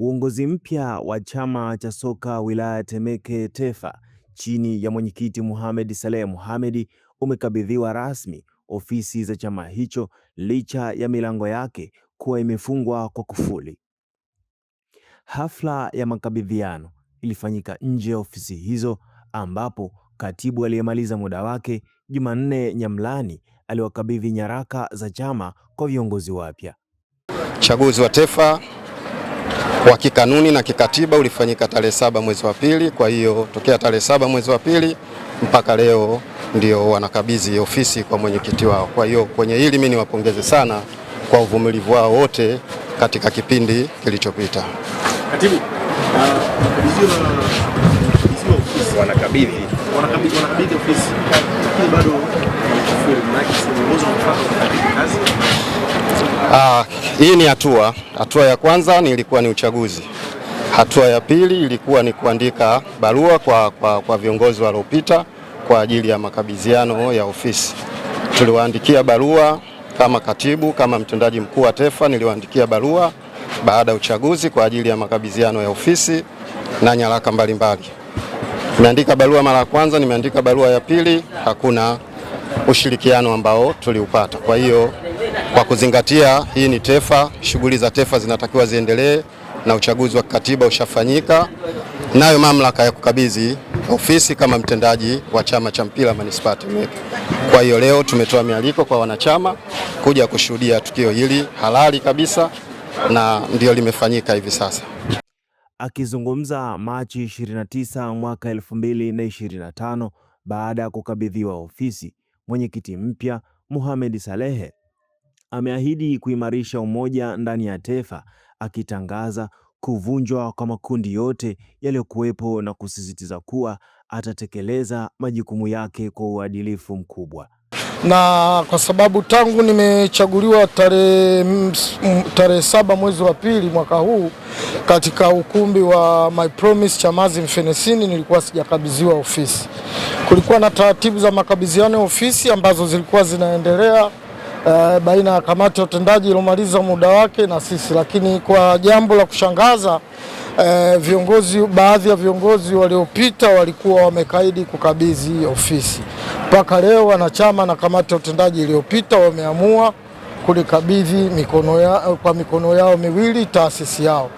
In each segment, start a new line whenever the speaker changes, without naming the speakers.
Uongozi mpya wa chama cha soka wilaya Temeke TEFA chini ya mwenyekiti Mohamed Saleh Mohamed umekabidhiwa rasmi ofisi za chama hicho licha ya milango yake kuwa imefungwa kwa kufuli. Hafla ya makabidhiano ilifanyika nje ya ofisi hizo ambapo katibu aliyemaliza muda wake Jumanne Nyamlani aliwakabidhi nyaraka za chama kwa viongozi wapya.
chaguzi wa TEFA wa kikanuni na kikatiba ulifanyika tarehe saba mwezi wa pili. Kwa hiyo tokea tarehe saba mwezi wa pili mpaka leo ndio wanakabidhi ofisi kwa mwenyekiti wao. Kwa hiyo kwenye hili mimi niwapongeze sana kwa uvumilivu wao wote katika kipindi kilichopita.
Katibu, uh, wanakabidhi wanakabidhi wanakabidhi ofisi lakini bado uh,
kazi. Ah, hii ni hatua. Hatua ya kwanza ni ilikuwa ni uchaguzi. Hatua ya pili ilikuwa ni kuandika barua kwa, kwa, kwa viongozi waliopita kwa ajili ya makabidhiano ya ofisi. Tuliwaandikia barua kama katibu, kama mtendaji mkuu wa TEFA niliwaandikia barua baada ya uchaguzi kwa ajili ya makabidhiano ya ofisi na nyaraka mbalimbali. Nimeandika barua mara ya kwanza, nimeandika barua ya pili, hakuna ushirikiano ambao tuliupata. Kwa hiyo kwa kuzingatia hii ni TEFA, shughuli za TEFA zinatakiwa ziendelee na uchaguzi wa kikatiba ushafanyika, nayo mamlaka ya kukabidhi ofisi kama mtendaji wa chama cha mpira manispaa Temeke. Kwa hiyo leo tumetoa mialiko kwa wanachama kuja kushuhudia tukio hili halali kabisa, na ndio limefanyika hivi sasa.
Akizungumza Machi 29 mwaka 2025 baada ya kukabidhiwa ofisi, mwenyekiti mpya Mohamed Salehe ameahidi kuimarisha umoja ndani ya taifa akitangaza kuvunjwa kwa makundi yote yaliyokuwepo na kusisitiza kuwa atatekeleza majukumu yake kwa uadilifu mkubwa.
Na kwa sababu tangu nimechaguliwa tarehe tarehe saba mwezi wa pili mwaka huu katika ukumbi wa My Promise Chamazi Mfenesini, nilikuwa sijakabidhiwa ofisi. Kulikuwa na taratibu za makabidhiano ya ofisi ambazo zilikuwa zinaendelea. Eh, baina ya kamati ya utendaji iliyomaliza muda wake na sisi, lakini kwa jambo la kushangaza eh, viongozi, baadhi ya viongozi waliopita walikuwa wamekaidi kukabidhi ofisi. Mpaka leo wanachama na kamati ya utendaji iliyopita wameamua kulikabidhi mikono ya, kwa mikono yao miwili taasisi yao.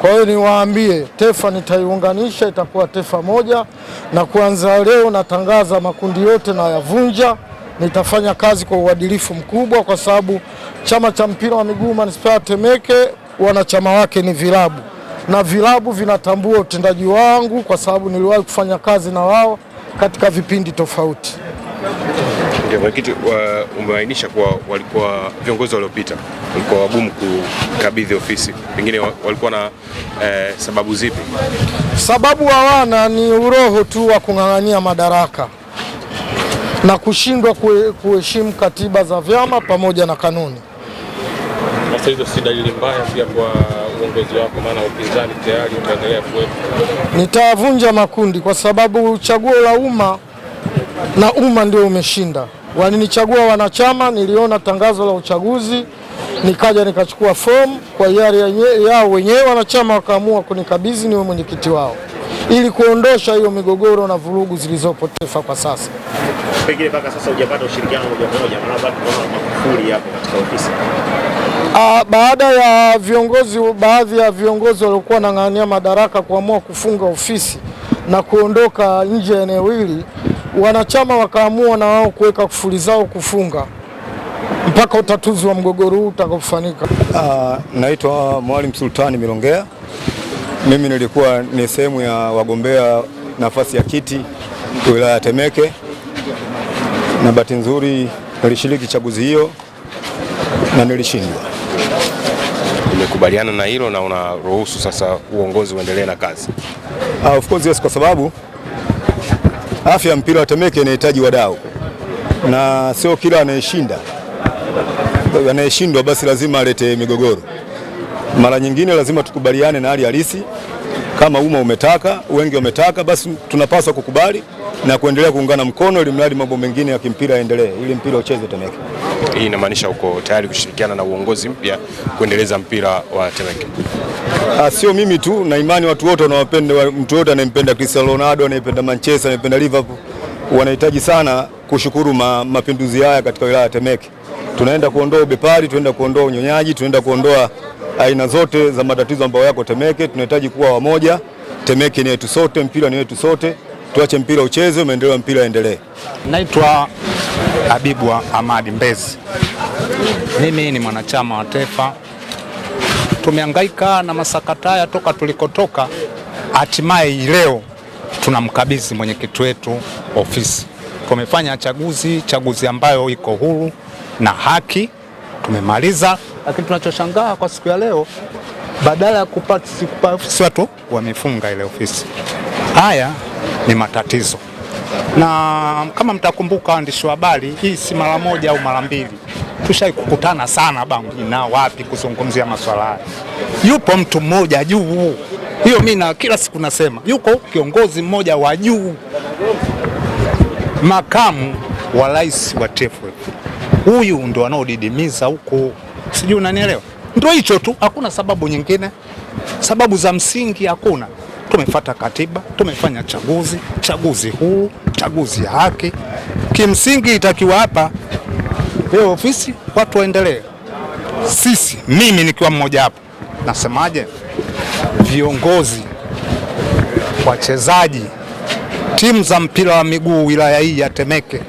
Kwa hiyo niwaambie, TEFA nitaiunganisha, itakuwa TEFA moja, na kuanza leo natangaza makundi yote na yavunja nitafanya kazi kwa uadilifu mkubwa, kwa sababu chama cha mpira wa miguu manispaa ya Temeke wanachama wake ni vilabu na vilabu vinatambua utendaji wangu, kwa sababu niliwahi kufanya kazi na wao katika vipindi tofauti.
Mwenyekiti, umeainisha kuwa walikuwa viongozi waliopita walikuwa wagumu kukabidhi ofisi, pengine walikuwa na eh, sababu zipi?
Sababu hawana, ni uroho tu wa kung'ang'ania madaraka na kushindwa kuheshimu katiba za vyama pamoja na kanuni.
Sasa hizo si dalili mbaya pia kwa uongozi wako, maana upinzani tayari utaendelea kuwepo.
Nitavunja makundi kwa sababu chaguo la umma na umma ndio umeshinda. Walinichagua wanachama, niliona tangazo la uchaguzi, nikaja nikachukua fomu kwa hiari yao wenyewe, wanachama wakaamua kunikabidhi niwe mwenyekiti wao ili kuondosha hiyo migogoro na vurugu zilizopo TEFA kwa sasa.
Pengine mpaka sasa hujapata ushirikiano moja kwa moja, maana bado tunaona makufuri hapo katika ofisi.
A, ah, baada ya viongozi baadhi ya viongozi waliokuwa nangania madaraka kuamua kufunga ofisi na kuondoka nje ya eneo hili, wanachama wakaamua na wao kuweka kufuli zao kufunga mpaka utatuzi wa mgogoro huu utakapofanyika.
Ah, naitwa Mwalimu Sultani Milongea. Mimi nilikuwa ni sehemu ya wagombea nafasi ya kiti wilaya ya Temeke, na bahati nzuri nilishiriki chaguzi hiyo na nilishindwa.
Nimekubaliana na hilo na unaruhusu sasa uongozi uendelee na kazi?
Uh, of course yes, kwa sababu afya ya mpira wa Temeke inahitaji wadau na sio kila anayeshinda anayeshindwa basi lazima alete migogoro mara nyingine lazima tukubaliane na hali halisi. Kama umma umetaka, wengi wametaka, basi tunapaswa kukubali na kuendelea kuungana mkono, ili mradi mambo mengine ya kimpira yaendelee, ili mpira ucheze Temeke.
Hii inamaanisha uko tayari kushirikiana na uongozi mpya kuendeleza mpira wa Temeke.
Ah, sio mimi tu, na imani watu wote wanawapenda, mtu wote anayempenda Cristiano Ronaldo, anayependa Manchester, anayependa Liverpool, wanahitaji sana kushukuru ma, mapinduzi haya katika wilaya ya Temeke. Tunaenda kuondoa ubepari, tunaenda kuondoa unyonyaji, tunaenda kuondoa aina zote za matatizo ambayo yako Temeke. Tunahitaji kuwa wamoja. Temeke ni yetu sote, mpira ni wetu sote, tuache mpira ucheze, maendeleo ya mpira yaendelee.
Naitwa Habibu amadi Mbezi, mimi ni mwanachama wa TEFA. Tumehangaika na masakataya toka tulikotoka, hatimaye leo tunamkabidhi mwenyekiti wetu ofisi. Tumefanya chaguzi, chaguzi ambayo iko huru na haki. Tumemaliza. Lakini tunachoshangaa kwa siku ya leo, badala ya kupasi watu wamefunga ile ofisi. Haya ni matatizo, na kama mtakumbuka, waandishi wa habari, hii si mara moja au mara mbili tushaikukutana kukutana sana bangu na wapi kuzungumzia masuala haya. Yupo mtu mmoja juu, hiyo mimi na kila siku nasema, yuko kiongozi mmoja wa juu, makamu wa rais wa TFF. Huyu ndo anaodidimiza huko. Sijui unanielewa? Ndio hicho tu, hakuna sababu nyingine. Sababu za msingi hakuna. tumefata katiba, tumefanya chaguzi, chaguzi huu, chaguzi ya haki. Kimsingi itakiwa hapa leo ofisi watu waendelee, sisi mimi nikiwa mmoja hapo, nasemaje, viongozi, wachezaji, timu za mpira wa miguu wilaya hii ya Temeke,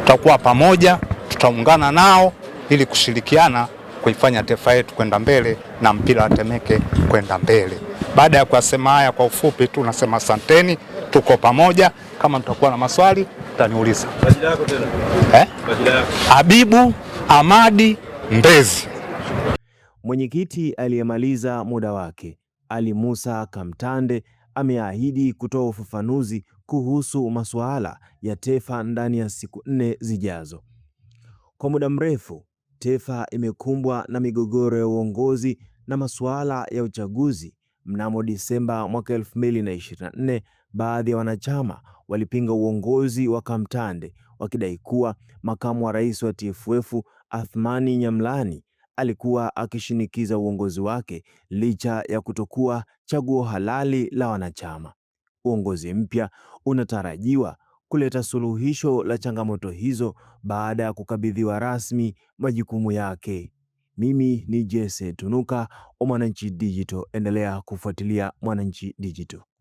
tutakuwa pamoja, tutaungana nao ili kushirikiana kuifanya taifa yetu kwenda mbele na mpira wa Temeke kwenda mbele. Baada ya kuyasema haya kwa ufupi tu, nasema asanteni, tuko pamoja. Kama mtakuwa na maswali mtaniuliza.
Majina yako tena?
Eh? yako? Habibu Amadi Mbezi.
Mwenyekiti aliyemaliza muda wake Ali Musa Kamtande ameahidi kutoa ufafanuzi kuhusu masuala ya tefa ndani ya siku nne zijazo. Kwa muda mrefu Taifa imekumbwa na migogoro ya uongozi na masuala ya uchaguzi. Mnamo Disemba mwaka 2024, baadhi ya wanachama walipinga uongozi wa Kamtande wakidai kuwa makamu wa rais wa TFF Athmani Nyamlani alikuwa akishinikiza uongozi wake licha ya kutokuwa chaguo halali la wanachama. Uongozi mpya unatarajiwa kuleta suluhisho la changamoto hizo baada ya kukabidhiwa rasmi majukumu yake. Mimi ni Jesse Tunuka wa Mwananchi Digital. Endelea kufuatilia Mwananchi Digital.